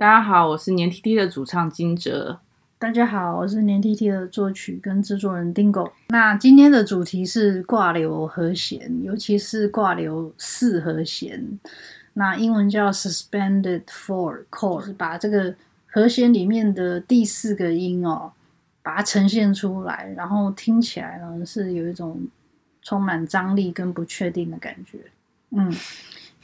大家好，我是黏 tt 的主唱驚蟄。大家好，我是黏 tt 的作曲跟製作人 Dingo。那今天的主題是掛留和弦，尤其是掛留四和弦，那英文叫 suspended four chord，把這個和弦裡面的第四個音哦，把它呈現出來，然後聽起來呢是有一種充滿張力跟不確定的感覺。嗯。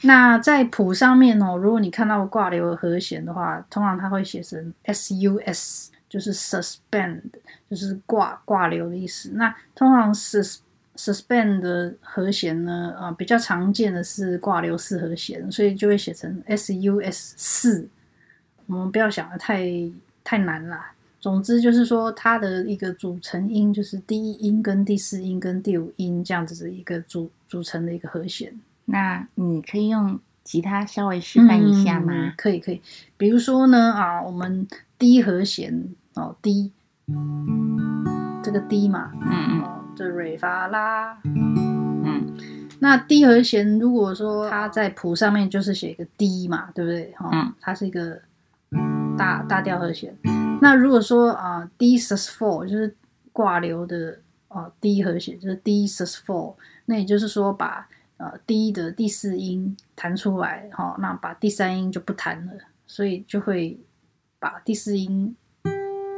那在譜上面哦，如果你看到掛留的和弦的話，通常它會寫成 SUS，就是 suspend，就是掛掛留的意思。那通常 sus suspend 的和弦呢，啊、呃、比較常見的是掛留四和弦，所以就會寫成 SUS 四。我們不要想得太太難啦，總之就是說，它的一個組成音就是第一音跟第四音跟第五音這樣子的一個組組成的一個和弦。那你可以用吉他稍微示範一下嗎？嗯？可以，可以。比如說呢，啊，我們 D 和弦哦，D 這個 D 嘛，嗯嗯，這瑞發啦。Re, fa, 嗯。那 D 和弦，如果說它在譜上面就是寫一個 D 嘛，對不對？哦，嗯。它是一個大大調和弦。那如果說啊，Dsus4 就是掛留的哦、啊、D 和弦就是 Dsus4，那也就是說把。呃，D 的第四音彈出來，哈、哦，那把第三音就不彈了，所以就會把第四音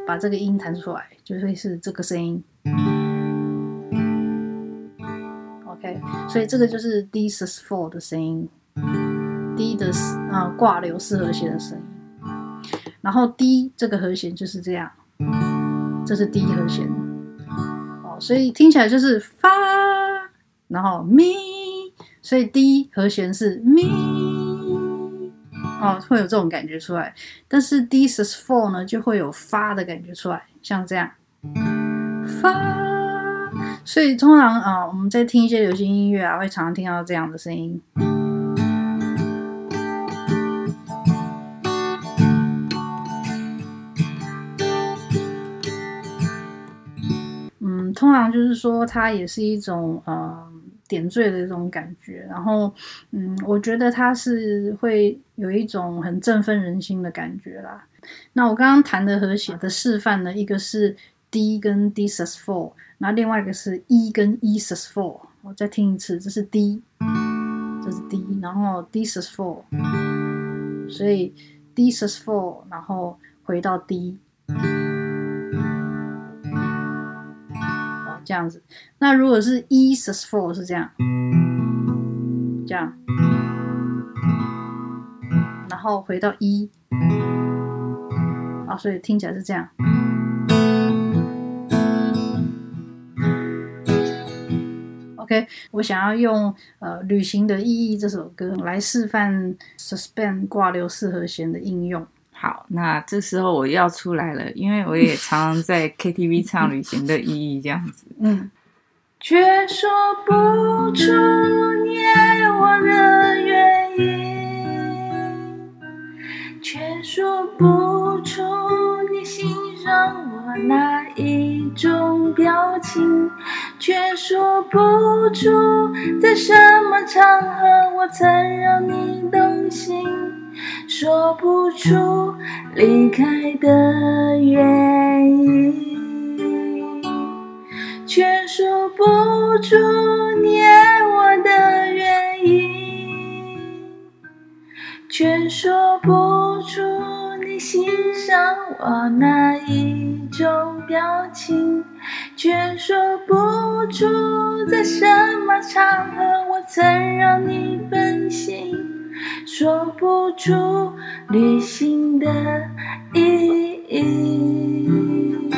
把這個音彈出來，就會是這個聲音。OK，所以這個就是 Dsus4 的聲音，D 的啊、呃、掛留四和弦的聲音。然後 D 這個和弦就是這樣，這是 D 和弦，哦，所以聽起來就是發，然後咪。所以 D 和弦是咪哦，會有這種感覺出來，但是 Dsus4 呢，就會有發的感覺出來，像這樣發。所以通常啊、呃，我們在聽一些流行音樂啊，會常常聽到這樣的聲音。嗯，通常就是說，它也是一種呃，點綴的這種感覺，然後，嗯，我覺得它是會有一種很振奮人心的感覺啦。那我剛剛彈的和弦的示範呢，一個是 D 跟 Dsus4，那另外一個是 E 跟 Esus4。我再聽一次，這是 D，這是 D，然後 Dsus4，所以 Dsus4，然後回到 D。這樣子，那如果是 E Sus4 是這樣，這樣，然後回到 E，啊，所以聽起來是這樣。OK，我想要用呃《旅行的意義》這首歌來示範 Suspend 掛留四和弦的應用。好，那這時候我要出來了，因為我也常常在 KTV 唱《旅行的意義》這樣子。嗯。卻說不出你愛我的原因，卻說不出你欣賞我哪一種表情，卻說不出在什麼場合我曾讓你動心。說不出離開的原因，卻說不出你愛我的原因，卻說不出你欣賞我哪一種表情，卻說不出在什麼場合我曾讓你分心。說不出旅行的意義。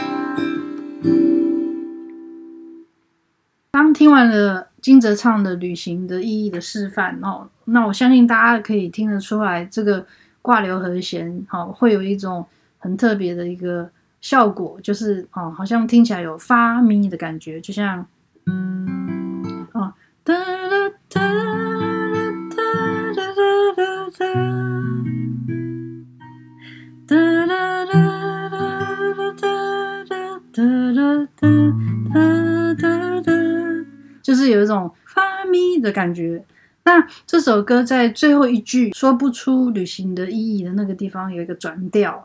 當聽完了驚蟄唱的《旅行的意義》的示範哦，那我相信大家可以聽得出來，這個掛留和弦哦，會有一種很特別的一個效果，就是哦，好像聽起來有發咪的感覺，就像、嗯。的感覺。那這首歌在最後一句說不出旅行的意義的那個地方有一個轉調，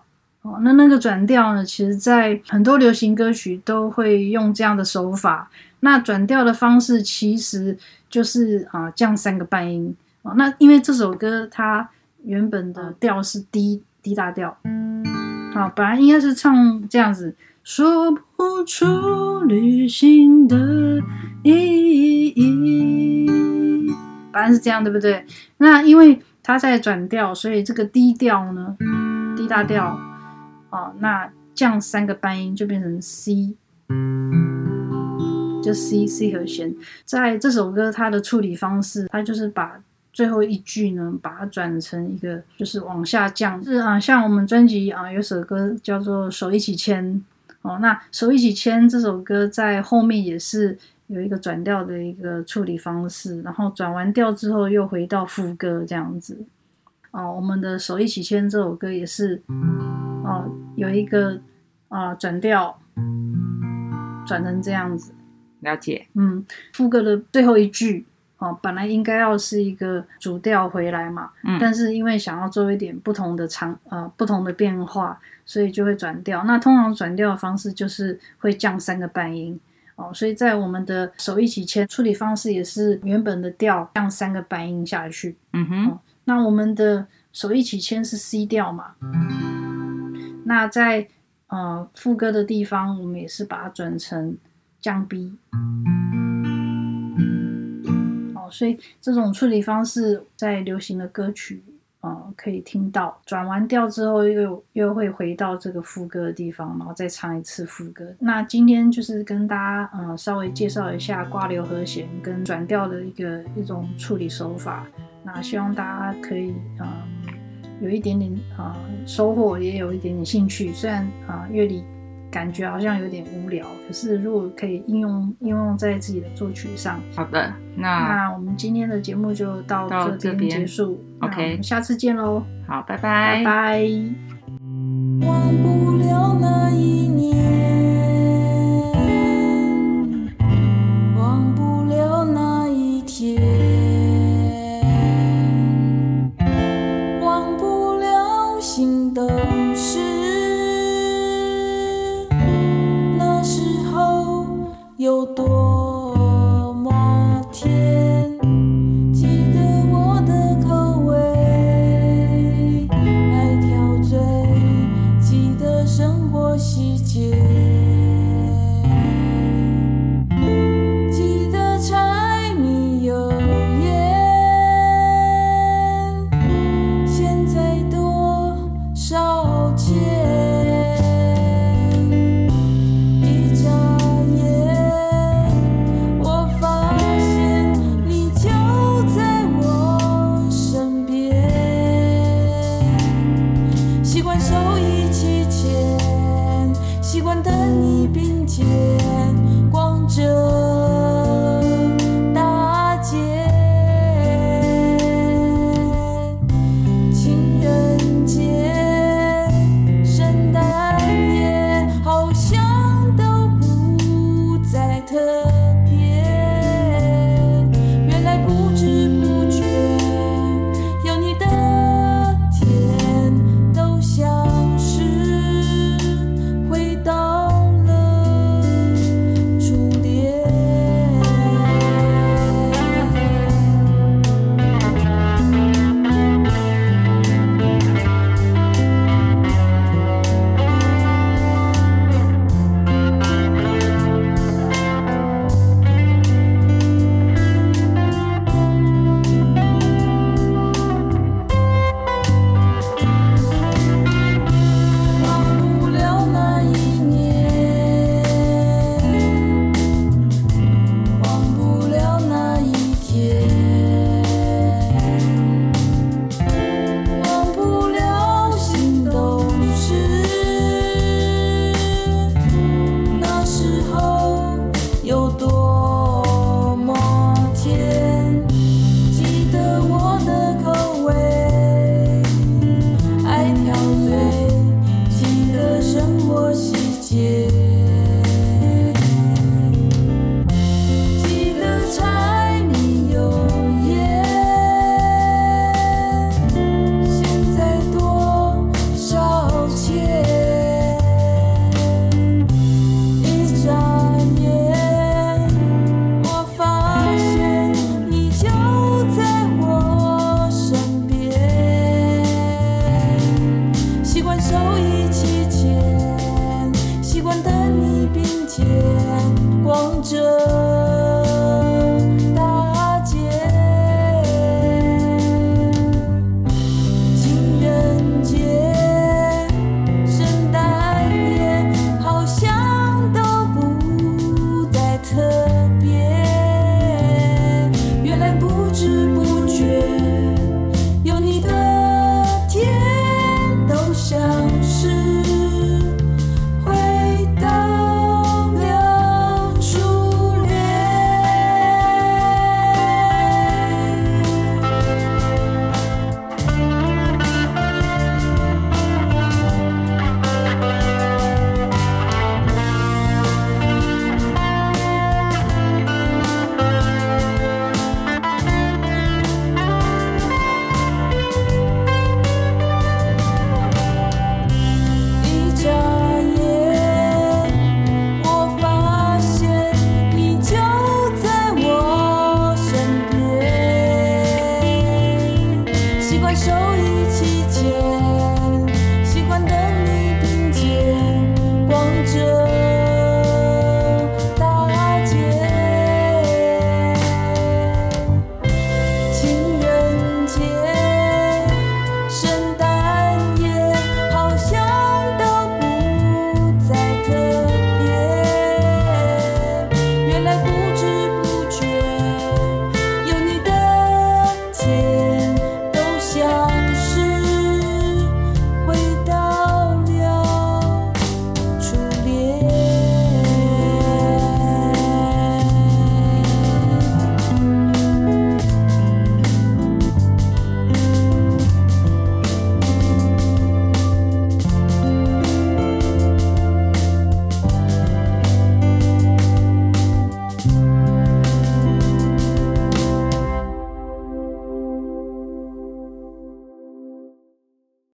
哦，那那個轉調呢，其實在很多流行歌曲都會用這樣的手法。那轉調的方式其實就是啊、呃、降三個半音。哦，那因為這首歌它原本的調是 D、D 大調，好、嗯哦，本來應該是唱這樣子，說不出旅行的意義。答案是這樣，對不對？那因為它在轉調，所以這個 D 調呢，D 大調，哦，那降三個半音就變成 C，就 C C 和弦。在這首歌它的處理方式，它就是把最後一句呢，把它轉成一個就是往下降，就是啊，像我們專輯啊有首歌叫做《手一起牽》哦，那《手一起牽》這首歌在後面也是。有一個轉調的一個處理方式，然後轉完調之後又回到副歌這樣子。哦、啊，我們的手一起牽這首歌也是，哦、啊，有一個啊轉調，轉成這樣子。了解。嗯，副歌的最後一句啊，本來應該要是一個主調回來嘛，嗯、但是因為想要做一點不同的長啊、呃，不同的變化，所以就會轉調。那通常轉調的方式就是會降三個半音。哦，所以在我們的手一起牽，處理方式也是原本的調，降三個半音下去。嗯哼、哦，那我們的手一起牽是 C 調嘛？那在、呃、副歌的地方，我們也是把它轉成降 B。哦，所以這種處理方式在流行的歌曲，啊、呃，可以聽到轉完調之後又，又又會回到這個副歌的地方，然後再唱一次副歌。那今天就是跟大家呃稍微介紹一下掛留和弦跟轉調的一個一種處理手法。那希望大家可以呃有一點點啊、呃、收穫，也有一點點興趣。雖然啊樂、呃、理。感覺好像有點無聊，可是如果可以應用應用在自己的作曲上，好的，那，那我們今天的節目就到這邊結束邊，OK，下次見嘍，好，拜拜，拜拜。Bye bye。